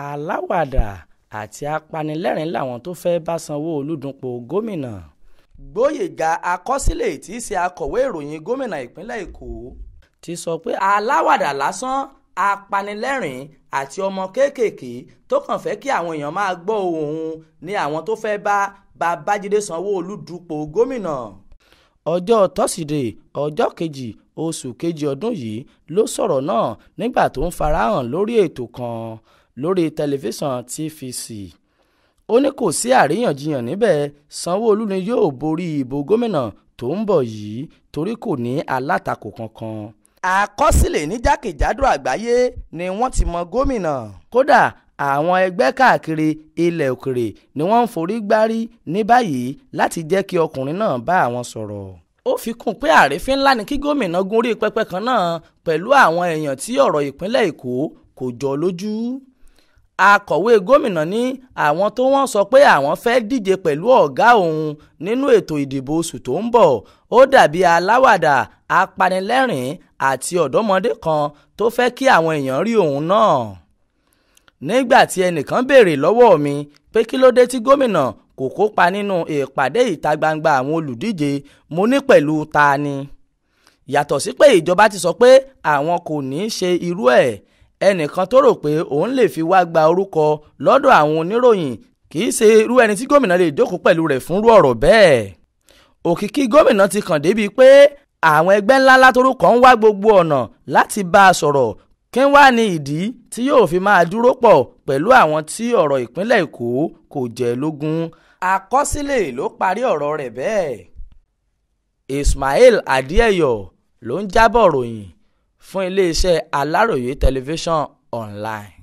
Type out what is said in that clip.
aláwàdà àti apanilẹ́rìn làwọn tó fẹ́ bá sanwó-olu dúnpọ̀ gómìnà. gbóyèga akọsílẹ̀ tí í ṣe akọ̀wé ìròyìn gómìnà ìpínlẹ̀ èkó ti sọ pé aláwàdà lásán apanilẹ́rìn àti ọmọ kéékèèké tó kàn fẹ́ kí àwọn èèyàn máa gbọ́ òun ni àwọn tó fẹ́ bá babájídé sanwó-olu dúnpọ̀ gómìnà. ọjọ́ tọ́sídẹ̀ẹ́ ọjọ́ kejì oṣù kejì ọdún yìí ló sọ̀rọ̀ náà nígbà tó ń farahàn lórí ètò kan lórí tẹlifíṣàn TVC ó ní kò sí àríyànjiyàn níbẹ̀ Sanwó-Olú ni yóò borí ìbò gómìnà tó ń bọ̀ yìí torí kò ní alátakò kankan àkọsílẹ̀ ní jákèjádò àgbáyé ni wọ́n ti mọ gómìnà. kódà àwọn ẹgbẹ́ káàkiri ilẹ̀ òkèrè ni wọ́n ń forí gbárí ní báyìí láti jẹ́ kí ọkùnrin náà bá àwọn sọ̀rọ̀. ó fi kún pé àrífín ńlá ni kí gómìnà gun orí pẹpẹ kan náà pẹ̀lú àwọn èèyàn tí ọ̀rọ̀ ìpínlẹ̀ èkó kò jọ lójú akọ̀wé gómìnà ní àwọn tó wọ́n sọ pé àwọn fẹ́ díje pẹ̀lú ọ̀gá òun nínú ètò ìdìbò oṣù tó ń bọ̀ ó dàbí aláwàdà apanilẹ́rìn-ín àti ọ̀dọ́mọdé kan tó fẹ́ kí àwọn èèyàn rí òun náà nígbà tí ẹnìkan béèrè lọ́wọ́ mi pé kí ló dé tí gómìnà kò kópa nínú ìpàdé ìta gbangba àwọn olùdíje mo ní pẹ̀lú ta ni yàtọ̀ sí pé ìjọba ti sọ pé àwọn kò ní í ṣe irú ẹ̀ ẹnìkan tó rò pé òun lè fi wá gba orúkọ lọ́dọ̀ àwọn oníròyìn kì í ṣe irú ẹni tí gómìnà lè jókòó pẹ̀lú rẹ̀ fúnrú ọ̀rọ̀ bẹ́ẹ̀ òkìkí gómìnà ti kàn débi pé àwọn ẹgbẹ́ ńláńlá torúkọ ń wá gbogbo ọ̀nà láti bá a sọ̀rọ̀ kí wá ní ìdí tí yóò fi máa dúró pọ̀ pẹ̀lú àwọn tí ọ̀rọ̀ ìpínlẹ̀ èkó kò jẹ́ lógún àkọsílẹ̀ ló parí ọ̀rọ̀ rẹ̀ bẹ́ẹ̀ Ismail Adéyọ̀ ló ń jábọ̀ ròyìn fún iléeṣẹ́ Aláròyé tẹlifíṣàn online.